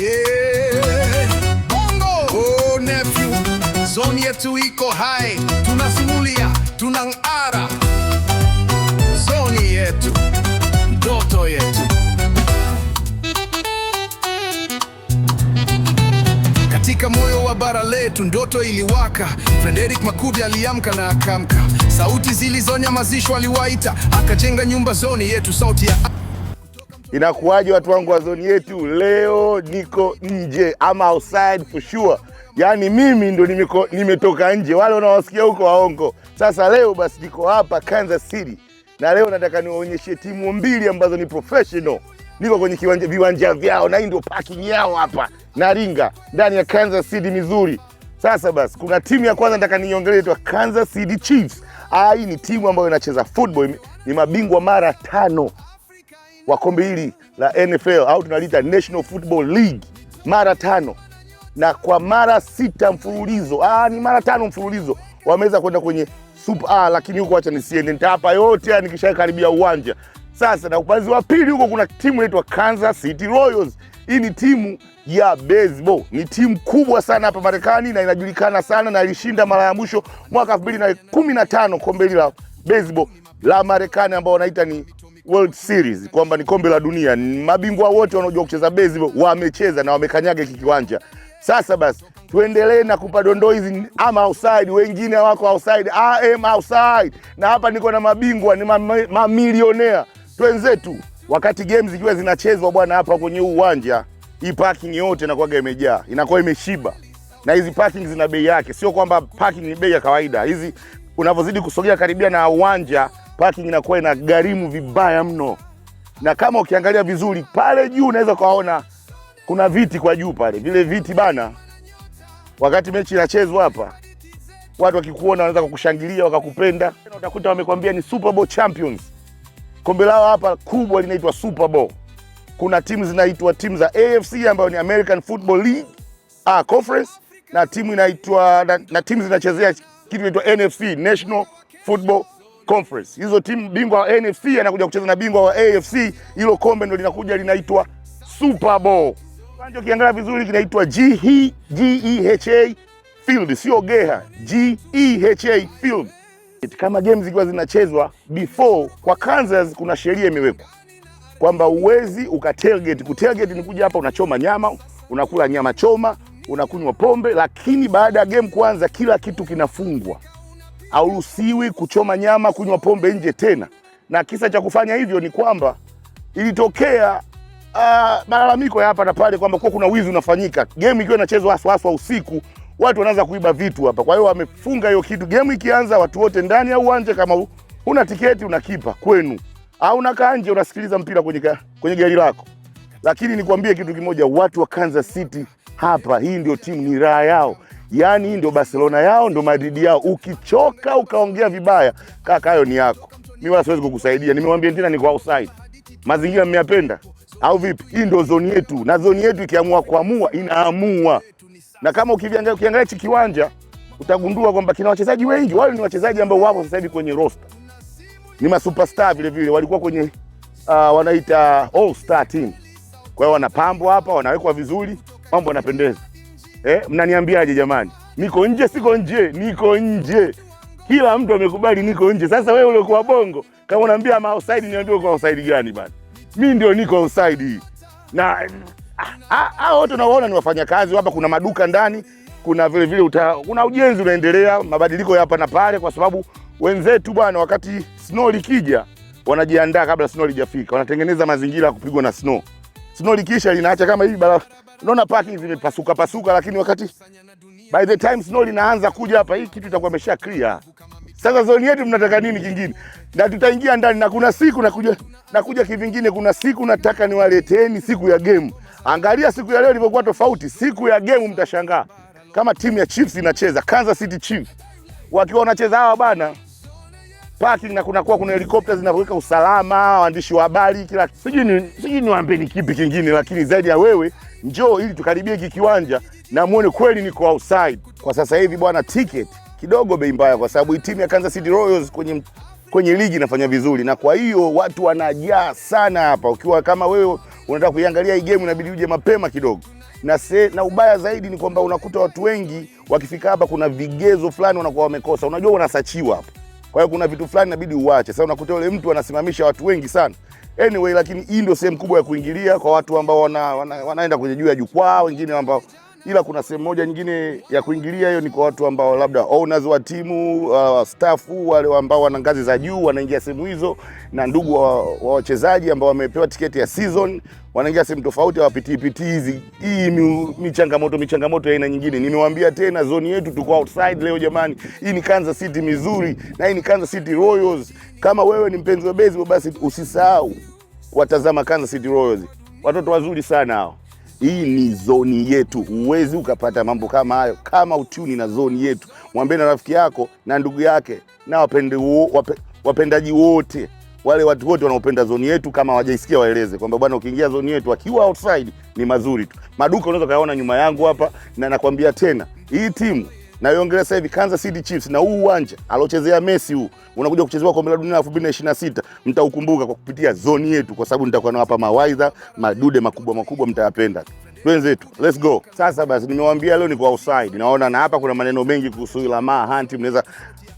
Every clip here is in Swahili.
yeah. Bongo oh, nephew, zone yetu iko hai, tunasimulia tunang'ara, zoni yetu ndoto yetu katika moyo wa bara letu ndoto iliwaka. Frederick Makundi aliamka na akamka, sauti zilizonyamazishwa aliwaita, akajenga nyumba zoni yetu, sauti ya Inakuwaje watu wangu wa zoni yetu? Leo niko nje ama outside for sure, yaani mimi ndo nimeko, nimetoka nje. Wale unawasikia huko waongo. Sasa leo basi niko hapa Kansas City na leo nataka niwaonyeshe timu mbili ambazo ni professional. Niko kwenye kiwanja, viwanja vyao na hii ndio parking yao hapa Naringa, ndani ya Kansas City, mizuri. Sasa basi, kuna timu ya kwanza nataka niongelee, inaitwa Kansas City Chiefs. Hii ni timu ambayo inacheza football, ni mabingwa mara tano wa kombe hili la NFL au tunaliita National Football League mara tano na kwa mara sita mfululizo. Aa, ah, ni mara tano mfululizo wameweza kwenda kwenye Super A, lakini huko acha nisiende, nitapa yote nikishakaribia uwanja. Sasa na upanzi wa pili huko kuna timu inaitwa Kansas City Royals. Hii ni timu ya baseball, ni timu kubwa sana hapa Marekani na inajulikana sana na ilishinda mara ya mwisho mwaka 2015 kombe la baseball la Marekani ambao wanaita ni World Series kwamba ni kombe la dunia, mabingwa wote wanaojua kucheza baseball wamecheza na wamekanyaga hiki kiwanja. Sasa basi tuendelee na kupa dondoo hizi. I'm outside, wengine wako outside, am outside, na hapa niko na mabingwa, ni mamilionea ma twenzetu. Wakati games zikiwa zinachezwa bwana, hapa kwenye huu uwanja hii parking yote inakuwa imejaa, inakuwa imeshiba na hizi parking zina bei yake, sio kwamba parking ni bei ya kawaida. Hizi unavyozidi kusogea karibia na uwanja, parking inakuwa ina gharimu vibaya mno, na kama ukiangalia vizuri pale juu unaweza ukaona kuna viti kwa juu pale, vile viti bana, wakati mechi inachezwa hapa, watu wakikuona wanaweza kukushangilia wakakupenda, utakuta wamekwambia ni Super Bowl champions. Kombe lao hapa kubwa linaitwa Super Bowl. Kuna timu zinaitwa timu za AFC ambayo ni American Football League ah, Conference na timu inaitwa na, na timu zinachezea kitu inaitwa NFC National Football Conference. Hizo timu bingwa wa NFC anakuja kucheza na bingwa wa AFC. Hilo kombe ndio linakuja linaitwa Super Bowl. Kiwanja ukiangalia vizuri kinaitwa e h A Field, sio Geha, e A Field. Kama games zikiwa zinachezwa before kwa Kansas, kuna sheria imewekwa kwamba uwezi ukatelgate. Kutelgate ni kuja hapa unachoma nyama, unakula nyama choma unakunywa pombe, lakini baada ya game kuanza, kila kitu kinafungwa. Hauruhusiwi kuchoma nyama, kunywa pombe nje tena. Na kisa cha kufanya hivyo ni kwamba ilitokea uh, malalamiko ya hapa na pale kwamba kwa kuna wizi unafanyika game ikiwa inachezwa haswa haswa usiku, watu wanaanza kuiba vitu hapa. Kwa hiyo wamefunga hiyo kitu, game ikianza, watu wote ndani au nje. Kama huna tiketi unakipa kwenu, au unakaa nje unasikiliza mpira kwenye, kwenye gari lako. Lakini nikwambie kitu kimoja, watu wa Kansas City hapa. Hii ndio timu, ni raha yao, yaani hii ndio Barcelona yao, ndio Madrid yao. Ukichoka ukaongea vibaya, kaka, hayo ni yako, mi wala siwezi kukusaidia. Nimewambia tena, niko outside. Mazingira mmeyapenda au vipi? Hii ndio zoni yetu, na zoni yetu ikiamua kuamua inaamua, na kama ukiangalia ukiangalia hichi kiwanja utagundua kwamba kina wachezaji wengi. Wale ni wachezaji ambao wapo sasa hivi kwenye roster, ni masuperstar vile vile, walikuwa kwenye uh, wanaita all star team. Kwa hiyo wanapambwa hapa, wanawekwa vizuri mambo yanapendeza eh? Mnaniambiaje jamani? Niko nje, siko nje, niko nje. Kila mtu amekubali niko nje. Sasa wewe uliokuwa bongo kama unaambia ma outside, niambie uko outside gani bana? Mimi ndio niko outside na hao ah, ah, ah, wote unawaona ni wafanyakazi hapa. Kuna maduka ndani, kuna vile vile uta, kuna ujenzi unaendelea, mabadiliko ya hapa na pale, kwa sababu wenzetu bwana, wakati snow likija wanajiandaa kabla snow lijafika, wanatengeneza mazingira ya kupigwa na snow. Snow likisha linaacha kama hivi bara unaona parking hivi imepasuka pasuka, lakini wakati by the time snow linaanza kuja hapa, hii kitu itakuwa imesha clear. Sasa zoni yetu mnataka nini kingine? Na tutaingia ndani, na kuna siku na kuja na kuja kivingine. Kuna siku nataka niwaleteni siku ya game. Angalia siku ya leo ilivyokuwa tofauti. Siku ya game mtashangaa kama timu ya Chiefs inacheza Kansas City Chiefs wakiwa wanacheza hawa bana parking na kunakuwa kuna helikopta zinavyoweka usalama, waandishi wa habari, kila sijui sijui ni kipi kingine, lakini zaidi ya wewe njoo ili tukaribie hiki kiwanja na muone kweli niko outside. Kwa sasa hivi bwana, ticket kidogo bei mbaya, kwa sababu timu ya Kansas City Royals kwenye kwenye ligi inafanya vizuri, na kwa hiyo watu wanajaa sana hapa. Ukiwa kama wewe unataka kuiangalia hii game, inabidi uje mapema kidogo na, se, na ubaya zaidi ni kwamba unakuta watu wengi wakifika hapa kuna vigezo fulani wanakuwa wamekosa. Unajua, unasachiwa hapa kwa hiyo kuna vitu fulani inabidi uache. Sasa unakuta yule mtu anasimamisha watu wengi sana. Anyway, lakini hii ndio sehemu kubwa ya kuingilia kwa watu ambao wana, wana, wanaenda kwenye juu ya jukwaa, wengine ambao ila kuna sehemu moja nyingine ya kuingilia. Hiyo ni kwa watu ambao labda owners wa timu uh, staffu wale ambao wana ngazi za juu wanaingia sehemu hizo, na ndugu wa wachezaji ambao wamepewa tiketi ya season wanaingia sehemu tofauti, piti hizi. Hii ni changamoto, ni changamoto ya aina nyingine. Nimewaambia tena, zoni yetu tuko outside leo jamani. Hii ni Kansas City Missouri na hii ni Kansas City Royals. Kama wewe ni mpenzi wa baseball, basi usisahau watazama Kansas City Royals, watoto wazuri sana hao. Hii ni zoni yetu, huwezi ukapata mambo kama hayo kama utuni na zoni yetu. Mwambie na rafiki yako na ndugu yake na wapende wape, wapendaji wote wale watu wote wanaopenda zoni yetu, kama wajaisikia waeleze kwamba bwana, ukiingia zoni yetu akiwa outside ni mazuri tu. Maduka unaweza kayaona nyuma yangu hapa, na nakwambia tena hii timu naiongelea sasa hivi Kansas City Chiefs na huu uwanja alochezea Messi huu unakuja kuchezewa kombe la dunia 2026 mtaukumbuka kwa kupitia zoni yetu, kwa sababu nitakuwa nawapa mawaidha madude makubwa makubwa, mtayapenda wenzetu. Let's go. Sasa basi, nimewaambia leo ni kwa offside, naona na hapa kuna maneno mengi kuhusu Lamar Hunt, mnaweza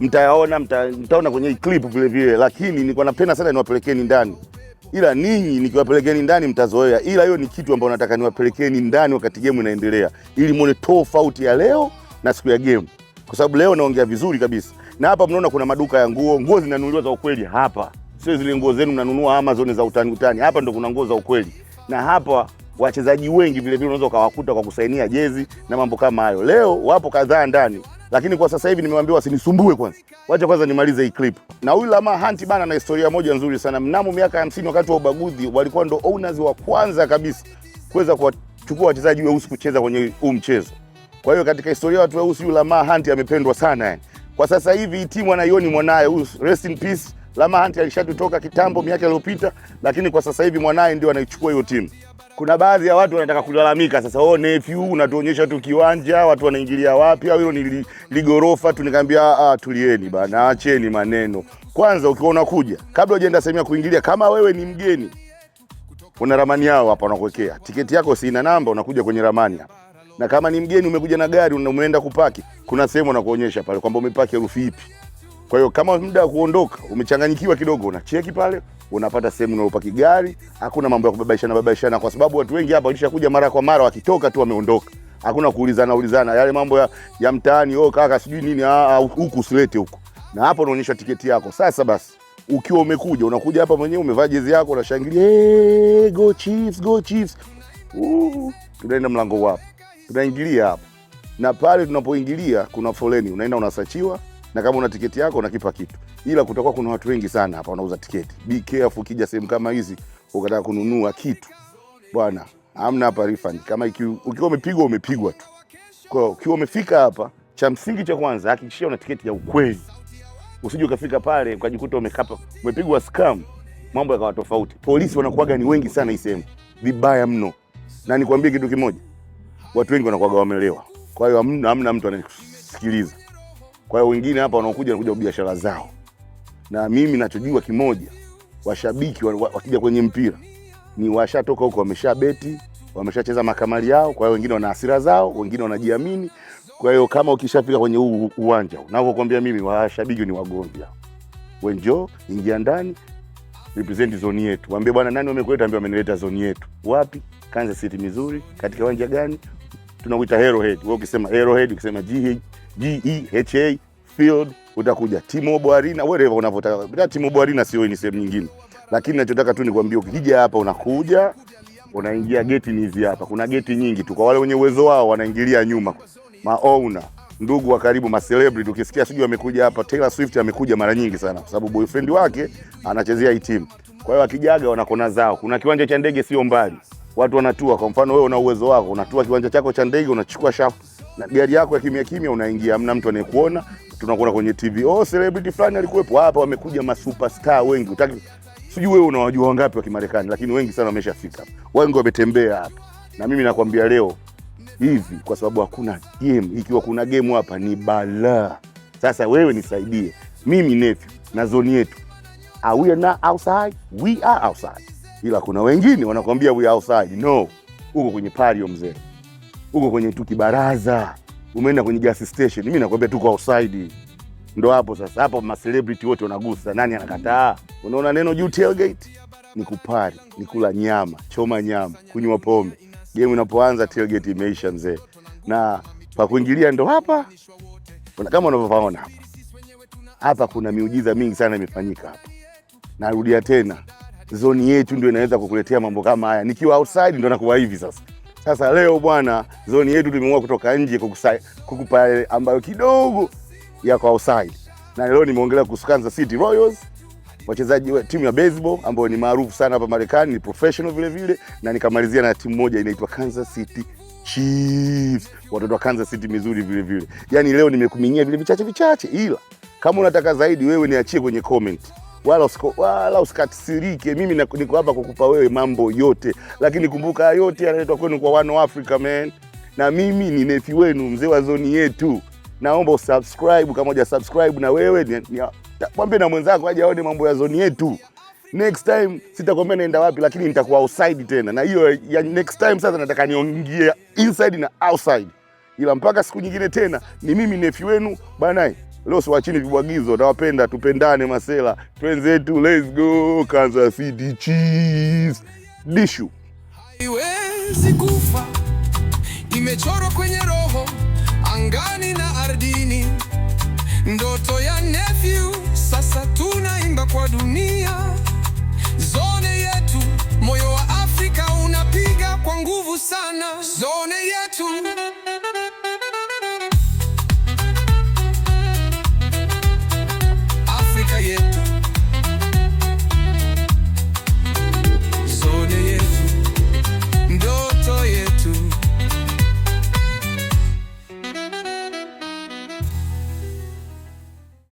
mtayaona, mtaona kwenye clip vile vile, lakini nilikuwa napenda sana niwapelekeni ndani ila ninyi nikiwapelekeni ndani mtazoea, ila hiyo ni kitu ambayo nataka niwapelekeni ndani wakati game inaendelea, ili muone tofauti ya leo na siku ya game, kwa sababu leo naongea vizuri kabisa. Na hapa mnaona kuna maduka ya nguo, nguo zinanunuliwa za ukweli hapa, sio zile nguo zenu mnanunua Amazon za utani utani. Hapa ndo kuna nguo za ukweli, na hapa wachezaji wengi vile vile unaweza ukawakuta kwa kusainia jezi na mambo kama hayo. Leo wapo kadhaa ndani, lakini kwa sasa hivi nimewaambia wasinisumbue kwanza, wacha kwanza nimalize hii clip. Na huyu Lamar Hunt bana na historia moja nzuri sana. Mnamo miaka ya hamsini, wakati wa ubaguzi, walikuwa ndo owners wa kwanza kabisa kuweza kuwachukua wachezaji weusi kucheza kwenye huu mchezo. Kwa hiyo katika historia watu weusi yule Lamar Hunt amependwa sana yani. Kwa sasa hivi timu anaioni mwanaye huyu, rest in peace. Lamar Hunt alishatutoka kitambo miaka iliyopita, lakini kwa sasa hivi mwanaye ndio anaichukua hiyo timu. Kuna baadhi ya watu wanataka kulalamika sasa, oh nephew, unatuonyesha tu kiwanja, watu wanaingilia wapi? Au hilo ni ligorofa Tunikaambia ah, ah, tulieni bana, acheni maneno kwanza. Ukiwa unakuja kabla hujaenda sehemu ya kuingilia, kama wewe ni mgeni, una ramani yao hapa, wanakuwekea tiketi yako, sina namba, unakuja kwenye ramani hapa na kama ni mgeni umekuja na gari na umeenda kupaki, kuna sehemu anakuonyesha pale kwamba umepaki herufi ipi. Kwa hiyo kama muda wa kuondoka umechanganyikiwa kidogo, una cheki pale, unapata sehemu unayopaki gari. Hakuna mambo ya kubabaishana babaishana, kwa sababu watu wengi hapa walishakuja mara kwa mara, wakitoka tu wameondoka. Hakuna kuulizana ulizana yale mambo ya, ya mtaani, oh kaka sijui nini, ah, ah, huku usilete huku. Na hapo unaonyeshwa tiketi yako. Sasa basi ukiwa umekuja unakuja hapa mwenyewe umevaa jezi yako unashangilia, hey, go Chiefs, go Chiefs. tunaenda mlango wapo tunaingilia hapo, na pale tunapoingilia kuna foleni, unaenda unasachiwa, na kama una tiketi yako unakipa kitu, ila kutakuwa kuna watu wengi sana hapa wanauza tiketi. Be careful, ukija sehemu kama hizi ukataka kununua kitu bwana, amna hapa refund. Kama ukiwa umepigwa umepigwa tu. Kwa hiyo ukiwa umefika hapa, cha msingi cha kwanza hakikisha una tiketi ya ukweli, usije ukafika pale ukajikuta umekapa umepigwa scam, mambo yakawa tofauti. Polisi wanakuwaga ni wengi sana hii sehemu, vibaya mno, na nikwambie kitu kimoja watu wengi wanakuwa wamelewa, kwa hiyo hamna mtu anayesikiliza. Kwa hiyo wengine hapa wanaokuja wanakuja biashara zao, na mimi nachojua kimoja, washabiki wakija kwenye mpira ni washatoka huko, wameshabeti, wameshacheza makamali yao. Kwa hiyo wengine wana hasira zao, wengine wanajiamini. Kwa hiyo kama ukishafika kwenye huu uwanja unavyokwambia, mimi washabiki ni wagonjwa, wenjo ingia ndani represent zone yetu, waambie bwana, nani wamekuleta? Ambie wamenileta zone yetu. Wapi? Kansas City, Missouri. Katika uwanja gani? tunakuita Arrowhead. Wewe ukisema Arrowhead, ukisema GEHA Field utakuja T-Mobile Arena, ndio unavotaka. Bila T-Mobile Arena sio ni sehemu nyingine. Lakini ninachotaka tu nikwambie ukija hapa unakuja unaingia geti ni hizi hapa. Kuna geti nyingi tu kwa wale wenye uwezo wao wanaingilia nyuma. Maona ndugu wa karibu ma celebrity, ukisikia sijui amekuja hapa, Taylor Swift amekuja mara nyingi sana, kwa sababu boyfriend wake anachezea hii timu. Kwa hiyo akijaga wanakona zao. Kuna kiwanja cha ndege sio mbali watu wanatua. Kwa mfano wewe una uwezo wako, unatua kiwanja chako cha ndege, unachukua shafu na gari yako ya kimya kimya, unaingia, hamna mtu anayekuona. Tunakuona kwenye TV, oh celebrity fulani alikuwepo hapa. Wamekuja ma superstar wengi, utaki sijui wewe unawajua wangapi wa Kimarekani, lakini wengi sana wameshafika, wengi wametembea hapa, na mimi nakwambia leo hivi, kwa sababu hakuna game. Ikiwa kuna game hapa ni balaa. Sasa wewe nisaidie mimi, nephew na zoni yetu, are we now outside? We are outside ila kuna wengine wanakwambia we outside. No, uko kwenye pario mzee, uko kwenye tuki baraza, umeenda kwenye gas station. Mimi nakwambia tuko outside. Ndo hapo sasa, hapo ma celebrity wote wanagusa. Nani anakataa? Unaona neno juu tailgate ni kupari, ni kula nyama, choma nyama, kunywa pombe. Game inapoanza tailgate imeisha mzee, na pa kuingilia ndo hapa. Kama unavyoona hapa hapa, kuna miujiza mingi sana imefanyika hapa. Narudia tena zoni yetu ndio inaweza kukuletea mambo kama haya. Nikiwa outside ndio nakuwa hivi sasa. Sasa leo bwana, zoni yetu tumeamua kutoka nje kukupa ambayo kidogo ya kwa outside, na leo nimeongelea kuhusu Kansas City Royals, wachezaji wa timu ya baseball ambayo ni maarufu sana hapa Marekani, ni professional vile vile, na nikamalizia na timu moja inaitwa Kansas City Chiefs, watoto wa Kansas City mizuri vile vile. Yani leo nimekuminyia vile vichache vichache, ila kama unataka zaidi wewe niachie kwenye comment wala usiko, wala usikatisirike. Mimi niko hapa kukupa wewe mambo yote, lakini kumbuka yote yanaletwa kwenu kwa One Africa man, na mimi ni nefi wenu mzee wa zoni yetu. Naomba usubscribe, kama uja subscribe na wewe mwambie na mwenzako aje aone mambo ya zoni yetu. Next time sitakwambia naenda wapi, lakini nitakuwa outside tena, na hiyo ya next time sasa nataka niongee inside na outside, ila mpaka siku nyingine tena, ni mimi nefi wenu banai. Leo siwachini vibwagizo, nawapenda, tupendane masela, twenzetu, let's go Kansas City Chiefs. Dishu haiwezi kufa, imechorwa kwenye roho, angani na ardhini, ndoto ya nephew sasa tunaimba kwa dunia, zone yetu, moyo wa Afrika unapiga kwa nguvu sana, zone yetu